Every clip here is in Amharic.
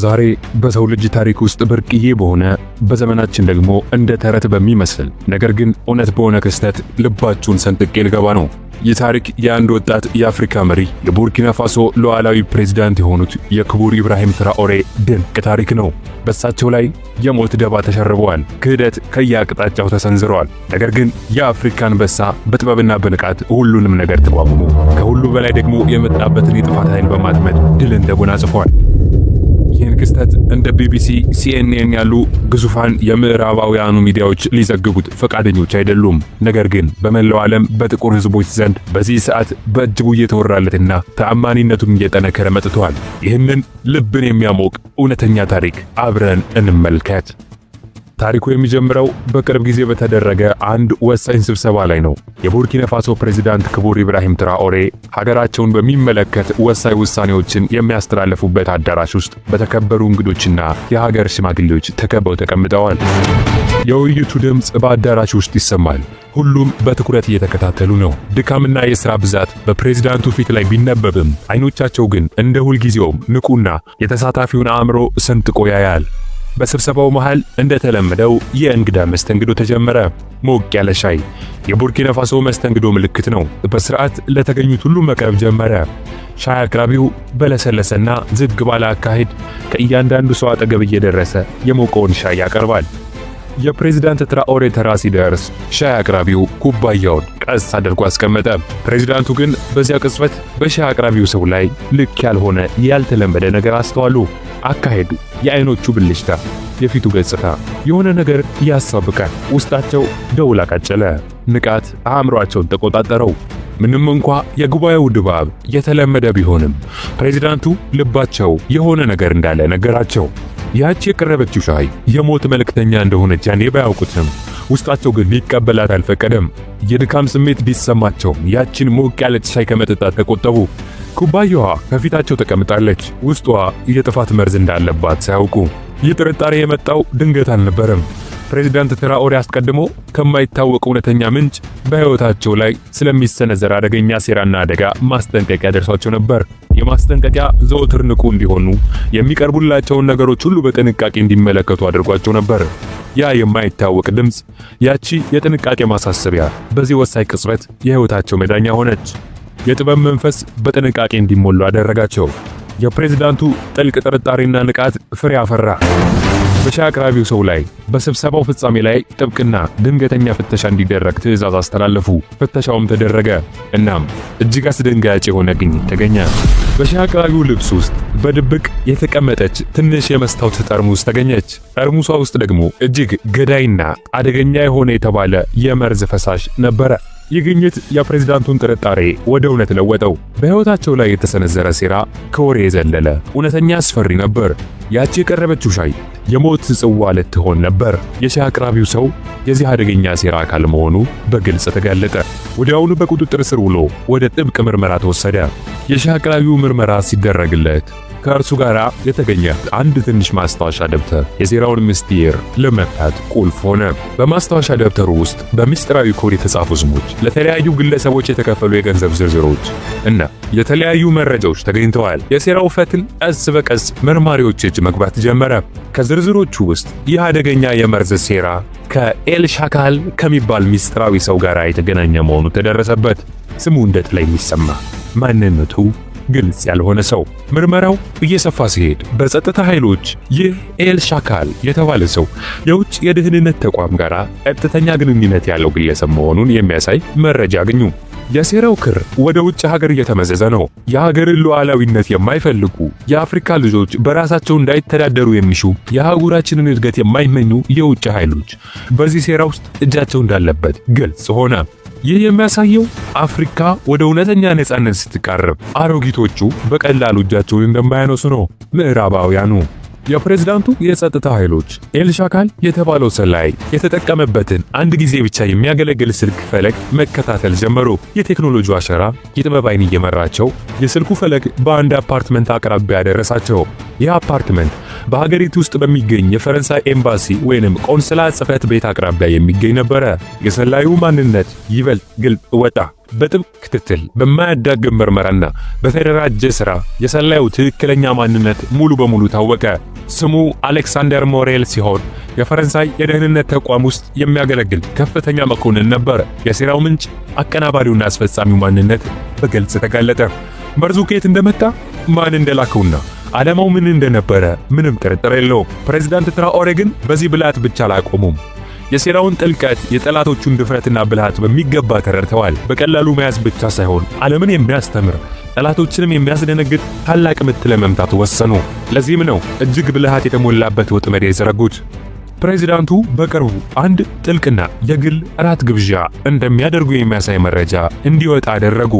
ዛሬ በሰው ልጅ ታሪክ ውስጥ ብርቅዬ በሆነ በዘመናችን ደግሞ እንደ ተረት በሚመስል ነገር ግን እውነት በሆነ ክስተት ልባችሁን ሰንጥቄ ልገባ ነው። ይህ ታሪክ የአንድ ወጣት የአፍሪካ መሪ የቡርኪና ፋሶ ሉዓላዊ ፕሬዝዳንት የሆኑት የክቡር ኢብራሂም ትራኦሬ ድንቅ ታሪክ ነው። በሳቸው ላይ የሞት ደባ ተሸርበዋል። ክህደት ከየአቅጣጫው ተሰንዝረዋል። ነገር ግን የአፍሪካ አንበሳ በጥበብና በንቃት ሁሉንም ነገር ተቋቁሞ ከሁሉ በላይ ደግሞ የመጣበትን የጥፋት ኃይል በማጥመድ ድል እንደጎናጽፏል። ይህን ክስተት እንደ ቢቢሲ፣ ሲኤንኤን ያሉ ግዙፋን የምዕራባውያኑ ሚዲያዎች ሊዘግቡት ፈቃደኞች አይደሉም። ነገር ግን በመላው ዓለም በጥቁር ህዝቦች ዘንድ በዚህ ሰዓት በእጅጉ እየተወራለትና ተአማኒነቱም እየጠነከረ መጥቷል። ይህንን ልብን የሚያሞቅ እውነተኛ ታሪክ አብረን እንመልከት። ታሪኩ የሚጀምረው በቅርብ ጊዜ በተደረገ አንድ ወሳኝ ስብሰባ ላይ ነው። የቡርኪና ፋሶ ፕሬዚዳንት ክቡር ኢብራሂም ትራኦሬ ሀገራቸውን በሚመለከት ወሳኝ ውሳኔዎችን የሚያስተላልፉበት አዳራሽ ውስጥ በተከበሩ እንግዶችና የሀገር ሽማግሌዎች ተከበው ተቀምጠዋል። የውይይቱ ድምፅ በአዳራሽ ውስጥ ይሰማል። ሁሉም በትኩረት እየተከታተሉ ነው። ድካምና የሥራ ብዛት በፕሬዝዳንቱ ፊት ላይ ቢነበብም አይኖቻቸው ግን እንደ ሁልጊዜውም ንቁና የተሳታፊውን አእምሮ ሰንጥቆ ያያል። በስብሰባው መሃል እንደተለመደው የእንግዳ መስተንግዶ ተጀመረ። ሞቅ ያለ ሻይ የቡርኪና ፋሶ መስተንግዶ ምልክት ነው፣ በስርዓት ለተገኙት ሁሉ መቅረብ ጀመረ። ሻይ አቅራቢው በለሰለሰና ዝግ ባለ አካሄድ ከእያንዳንዱ ሰው አጠገብ እየደረሰ የሞቀውን ሻይ ያቀርባል። የፕሬዝዳንት ትራኦሬ ተራ ሲደርስ ሻይ አቅራቢው ኩባያውን ቀስ አድርጎ አስቀመጠ። ፕሬዝዳንቱ ግን በዚያ ቅጽበት በሻይ አቅራቢው ሰው ላይ ልክ ያልሆነ ያልተለመደ ነገር አስተዋሉ። አካሄዱ፣ የአይኖቹ ብልሽታ የፊቱ ገጽታ የሆነ ነገር ያሳብቃል። ውስጣቸው ደውላ ቃጨለ። ንቃት አእምሯቸውን ተቆጣጠረው። ምንም እንኳ የጉባኤው ድባብ የተለመደ ቢሆንም ፕሬዚዳንቱ ልባቸው የሆነ ነገር እንዳለ ነገራቸው። ያቺ የቀረበችው ሻይ የሞት መልእክተኛ እንደሆነች ያኔ ባያውቁትም ውስጣቸው ግን ሊቀበላት አልፈቀደም። የድካም ስሜት ቢሰማቸውም ያቺን ሞቅ ያለች ሻይ ከመጠጣት ተቆጠቡ። ኩባያዋ ከፊታቸው ተቀምጣለች። ውስጧ የጥፋት መርዝ እንዳለባት ሳያውቁ። ይህ ጥርጣሬ የመጣው ድንገት አልነበረም። ፕሬዚዳንት ትራኦሬ አስቀድሞ ከማይታወቅ እውነተኛ ምንጭ በሕይወታቸው ላይ ስለሚሰነዘር አደገኛ ሴራና አደጋ ማስጠንቀቂያ ደርሷቸው ነበር። የማስጠንቀቂያ ዘወትር ንቁ እንዲሆኑ፣ የሚቀርቡላቸውን ነገሮች ሁሉ በጥንቃቄ እንዲመለከቱ አድርጓቸው ነበር። ያ የማይታወቅ ድምፅ፣ ያቺ የጥንቃቄ ማሳሰቢያ በዚህ ወሳኝ ቅጽበት የሕይወታቸው መዳኛ ሆነች። የጥበብ መንፈስ በጥንቃቄ እንዲሞሉ አደረጋቸው። የፕሬዝዳንቱ ጥልቅ ጥርጣሬና ንቃት ፍሬ አፈራ። በሻይ አቅራቢው ሰው ላይ በስብሰባው ፍጻሜ ላይ ጥብቅና ድንገተኛ ፍተሻ እንዲደረግ ትዕዛዝ አስተላለፉ። ፍተሻውም ተደረገ። እናም እጅግ አስደንጋጭ የሆነ ግኝት ተገኘ። በሻይ አቅራቢው ልብስ ውስጥ በድብቅ የተቀመጠች ትንሽ የመስታወት ጠርሙስ ተገኘች። ጠርሙሷ ውስጥ ደግሞ እጅግ ገዳይና አደገኛ የሆነ የተባለ የመርዝ ፈሳሽ ነበረ። ይህ ግኝት የፕሬዝዳንቱን ጥርጣሬ ወደ እውነት ለወጠው። በሕይወታቸው ላይ የተሰነዘረ ሴራ ከወሬ የዘለለ እውነተኛ አስፈሪ ነበር። ያቺ የቀረበችው ሻይ የሞት ጽዋ ልትሆን ነበር። የሻይ አቅራቢው ሰው የዚህ አደገኛ ሴራ አካል መሆኑ በግልጽ ተጋለጠ። ወዲያውኑ በቁጥጥር ስር ውሎ ወደ ጥብቅ ምርመራ ተወሰደ። የሻይ አቅራቢው ምርመራ ሲደረግለት ከእርሱ ጋር የተገኘ አንድ ትንሽ ማስታወሻ ደብተር የሴራውን ምስጢር ለመፍታት ቁልፍ ሆነ። በማስታወሻ ደብተሩ ውስጥ በምስጢራዊ ኮድ የተጻፉ ስሞች፣ ለተለያዩ ግለሰቦች የተከፈሉ የገንዘብ ዝርዝሮች እና የተለያዩ መረጃዎች ተገኝተዋል። የሴራው ፈትል ቀስ በቀስ መርማሪዎች እጅ መግባት ጀመረ። ከዝርዝሮቹ ውስጥ ይህ አደገኛ የመርዝ ሴራ ከኤል ሻካል ከሚባል ምስጢራዊ ሰው ጋር የተገናኘ መሆኑ ተደረሰበት። ስሙ እንደ ጥላ የሚሰማ ማንነቱ ግልጽ ያልሆነ ሰው። ምርመራው እየሰፋ ሲሄድ በጸጥታ ኃይሎች ይህ ኤል ሻካል የተባለ ሰው የውጭ የደህንነት ተቋም ጋር ቀጥተኛ ግንኙነት ያለው ግለሰብ መሆኑን የሚያሳይ መረጃ አገኙ። የሴራው ክር ወደ ውጭ ሀገር እየተመዘዘ ነው። የሀገርን ሉዓላዊነት የማይፈልጉ የአፍሪካ ልጆች በራሳቸው እንዳይተዳደሩ የሚሹ የአህጉራችንን እድገት የማይመኙ የውጭ ኃይሎች በዚህ ሴራ ውስጥ እጃቸው እንዳለበት ግልጽ ሆነ። ይህ የሚያሳየው አፍሪካ ወደ እውነተኛ ነጻነት ስትቃረብ አሮጊቶቹ በቀላሉ እጃቸውን እንደማያነሱ ነው ምዕራባውያኑ። የፕሬዝዳንቱ የጸጥታ ኃይሎች ኤልሻካል የተባለው ሰላይ የተጠቀመበትን አንድ ጊዜ ብቻ የሚያገለግል ስልክ ፈለግ መከታተል ጀመሩ። የቴክኖሎጂው አሸራ የጥበብ ዓይን እየመራቸው የስልኩ ፈለግ በአንድ አፓርትመንት አቅራቢያ ያደረሳቸው። ይህ አፓርትመንት በሀገሪቱ ውስጥ በሚገኝ የፈረንሳይ ኤምባሲ ወይንም ቆንስላ ጽፈት ቤት አቅራቢያ የሚገኝ ነበረ። የሰላዩ ማንነት ይበልጥ ግልጽ ወጣ። በጥብቅ ክትትል በማያዳግም ምርመራና በተደራጀ ሥራ የሰላዩ ትክክለኛ ማንነት ሙሉ በሙሉ ታወቀ። ስሙ አሌክሳንደር ሞሬል ሲሆን የፈረንሳይ የደህንነት ተቋም ውስጥ የሚያገለግል ከፍተኛ መኮንን ነበር። የሴራው ምንጭ፣ አቀናባሪውና አስፈጻሚው ማንነት በግልጽ ተጋለጠ። መርዙ ከየት እንደመጣ፣ ማን እንደላከውና ዓላማው ምን እንደነበረ ምንም ጥርጥር የለውም። ፕሬዚዳንት ትራኦሬ ግን በዚህ ብልሃት ብቻ አላቆሙም። የሴራውን ጥልቀት፣ የጠላቶቹን ድፍረትና ብልሃት በሚገባ ተረድተዋል። በቀላሉ መያዝ ብቻ ሳይሆን ዓለምን የሚያስተምር ጠላቶችንም የሚያስደነግጥ ታላቅ ምት ለመምታት ወሰኑ። ለዚህም ነው እጅግ ብልሃት የተሞላበት ወጥመድ የዘረጉት። ፕሬዚዳንቱ በቅርቡ አንድ ጥልቅና የግል እራት ግብዣ እንደሚያደርጉ የሚያሳይ መረጃ እንዲወጣ አደረጉ።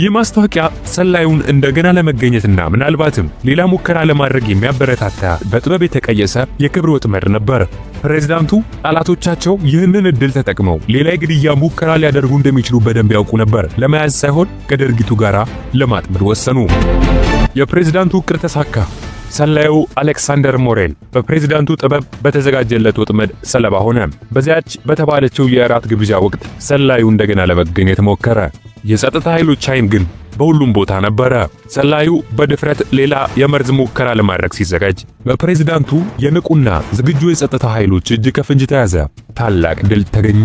ይህ ማስታወቂያ ሰላዩን እንደገና ለመገኘትና ምናልባትም ሌላ ሙከራ ለማድረግ የሚያበረታታ በጥበብ የተቀየሰ የክብር ወጥመድ ነበር። ፕሬዝዳንቱ ጠላቶቻቸው ይህንን እድል ተጠቅመው ሌላ የግድያ ሙከራ ሊያደርጉ እንደሚችሉ በደንብ ያውቁ ነበር። ለመያዝ ሳይሆን ከድርጊቱ ጋር ለማጥመድ ወሰኑ። የፕሬዚዳንቱ ውቅር ተሳካ። ሰላዩ አሌክሳንደር ሞሬል በፕሬዝዳንቱ ጥበብ በተዘጋጀለት ወጥመድ ሰለባ ሆነ። በዚያች በተባለችው የእራት ግብዣ ወቅት ሰላዩ እንደገና ለመገኘት ሞከረ። የጸጥታ ኃይሎች አይን ግን በሁሉም ቦታ ነበረ። ሰላዩ በድፍረት ሌላ የመርዝ ሙከራ ለማድረግ ሲዘጋጅ በፕሬዝዳንቱ የንቁና ዝግጁ የጸጥታ ኃይሎች እጅ ከፍንጅ ተያዘ። ታላቅ ድል ተገኘ።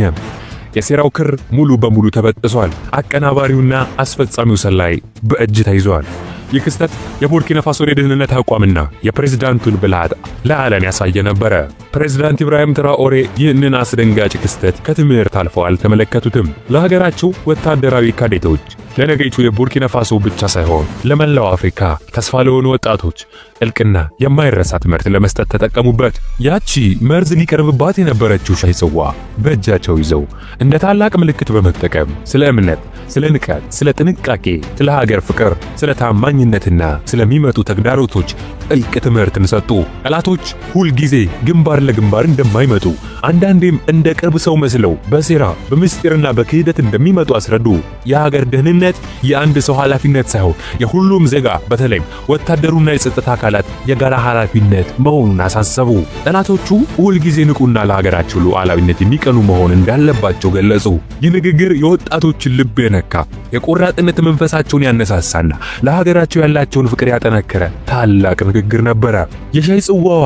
የሴራው ክር ሙሉ በሙሉ ተበጥሷል። አቀናባሪውና አስፈጻሚው ሰላይ በእጅ ተይዟል። ይህ ክስተት የቡርኪና ፋሶን የደህንነት አቋምና የፕሬዝዳንቱን ብልሃት ለዓለም ያሳየ ነበረ። ፕሬዝዳንት ኢብራሂም ትራኦሬ ይህንን አስደንጋጭ ክስተት ከትምህርት አልፈው አልተመለከቱትም። ለሀገራቸው ወታደራዊ ካዴቶች ለነገይቱ የቡርኪና ፋሶ ብቻ ሳይሆን ለመላው አፍሪካ ተስፋ ለሆኑ ወጣቶች እልቅና የማይረሳ ትምህርት ለመስጠት ተጠቀሙበት። ያቺ መርዝ ሊቀርብባት የነበረችው ሻይ ጽዋ በእጃቸው ይዘው እንደ ታላቅ ምልክት በመጠቀም ስለ እምነት፣ ስለ ንቀት፣ ስለ ጥንቃቄ፣ ስለ ሀገር ፍቅር፣ ስለ ታማኝነትና ስለሚመጡ ተግዳሮቶች ጥልቅ ትምህርትን ሰጡ። ጠላቶች ሁልጊዜ ግንባር ለግንባር እንደማይመጡ አንዳንዴም እንደ ቅርብ ሰው መስለው በሴራ በምስጢርና በክህደት እንደሚመጡ አስረዱ። የሀገር ደህንነት የአንድ ሰው ኃላፊነት ሳይሆን የሁሉም ዜጋ በተለይም ወታደሩና የጸጥታ አካላት የጋራ ኃላፊነት መሆኑን አሳሰቡ። ጠላቶቹ ሁልጊዜ ንቁና ለሀገራቸው ሉዓላዊነት የሚቀኑ መሆን እንዳለባቸው ገለጹ። ይህ ንግግር የወጣቶችን ልብ የነካ የቆራጥነት መንፈሳቸውን ያነሳሳና ለሀገራቸው ያላቸውን ፍቅር ያጠነከረ ታላቅ ንግግር ነበረ። የሻይ ጽዋዋ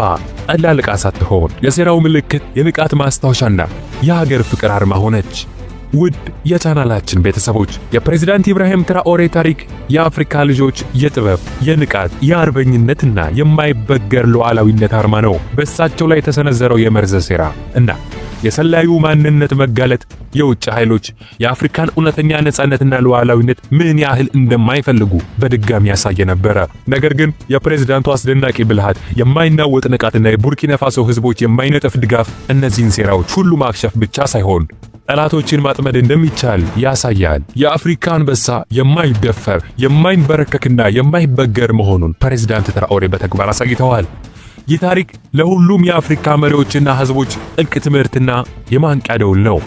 ቀላል ዕቃ ሳትሆን የሴራው ምልክት፣ የንቃት ማስታወሻና የሀገር ፍቅር አርማ ሆነች። ውድ የቻናላችን ቤተሰቦች የፕሬዝዳንት ኢብራሂም ትራኦሬ ታሪክ የአፍሪካ ልጆች የጥበብ፣ የንቃት፣ የአርበኝነትና የማይበገር ሉዓላዊነት አርማ ነው። በእሳቸው ላይ የተሰነዘረው የመርዘ ሴራ እና የሰላዩ ማንነት መጋለጥ የውጭ ኃይሎች የአፍሪካን እውነተኛ ነጻነትና ሉዓላዊነት ምን ያህል እንደማይፈልጉ በድጋሚ ያሳየ ነበረ። ነገር ግን የፕሬዝዳንቱ አስደናቂ ብልሃት፣ የማይናወጥ ንቃትና የቡርኪና ፋሶ ህዝቦች የማይነጥፍ ድጋፍ እነዚህን ሴራዎች ሁሉ ማክሸፍ ብቻ ሳይሆን ጠላቶችን ማጥመድ እንደሚቻል ያሳያል። የአፍሪካ አንበሳ የማይደፈር የማይንበረከክና የማይበገር መሆኑን ፕሬዝዳንት ትራኦሬ በተግባር አሳይተዋል። ይህ ታሪክ ለሁሉም የአፍሪካ መሪዎችና ህዝቦች ጥልቅ ትምህርትና የማንቂያ ደውል ነው።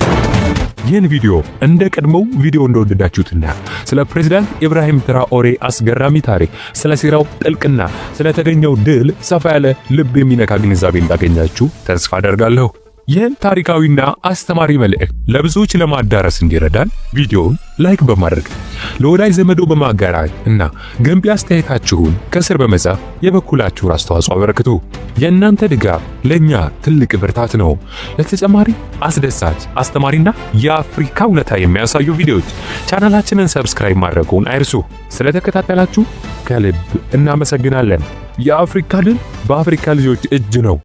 ይህን ቪዲዮ እንደ ቀድሞው ቪዲዮ እንደወደዳችሁትና ስለ ፕሬዝዳንት ኢብራሂም ትራኦሬ አስገራሚ ታሪክ፣ ስለ ሴራው ጥልቅና ስለተገኘው ድል ሰፋ ያለ ልብ የሚነካ ግንዛቤ እንዳገኛችሁ ተስፋ አደርጋለሁ። ይህን ታሪካዊና አስተማሪ መልእክት ለብዙዎች ለማዳረስ እንዲረዳን ቪዲዮውን ላይክ በማድረግ ለወዳጅ ዘመዶ በማጋራት እና ገንቢ አስተያየታችሁን ከስር በመጻፍ የበኩላችሁን አስተዋጽኦ አበረክቱ። የእናንተ ድጋፍ ለእኛ ትልቅ ብርታት ነው። ለተጨማሪ አስደሳች፣ አስተማሪና የአፍሪካ እውነታ የሚያሳዩ ቪዲዮዎች ቻናላችንን ሰብስክራይብ ማድረጉን አይርሱ። ስለተከታተላችሁ ከልብ እናመሰግናለን። የአፍሪካ ድል በአፍሪካ ልጆች እጅ ነው።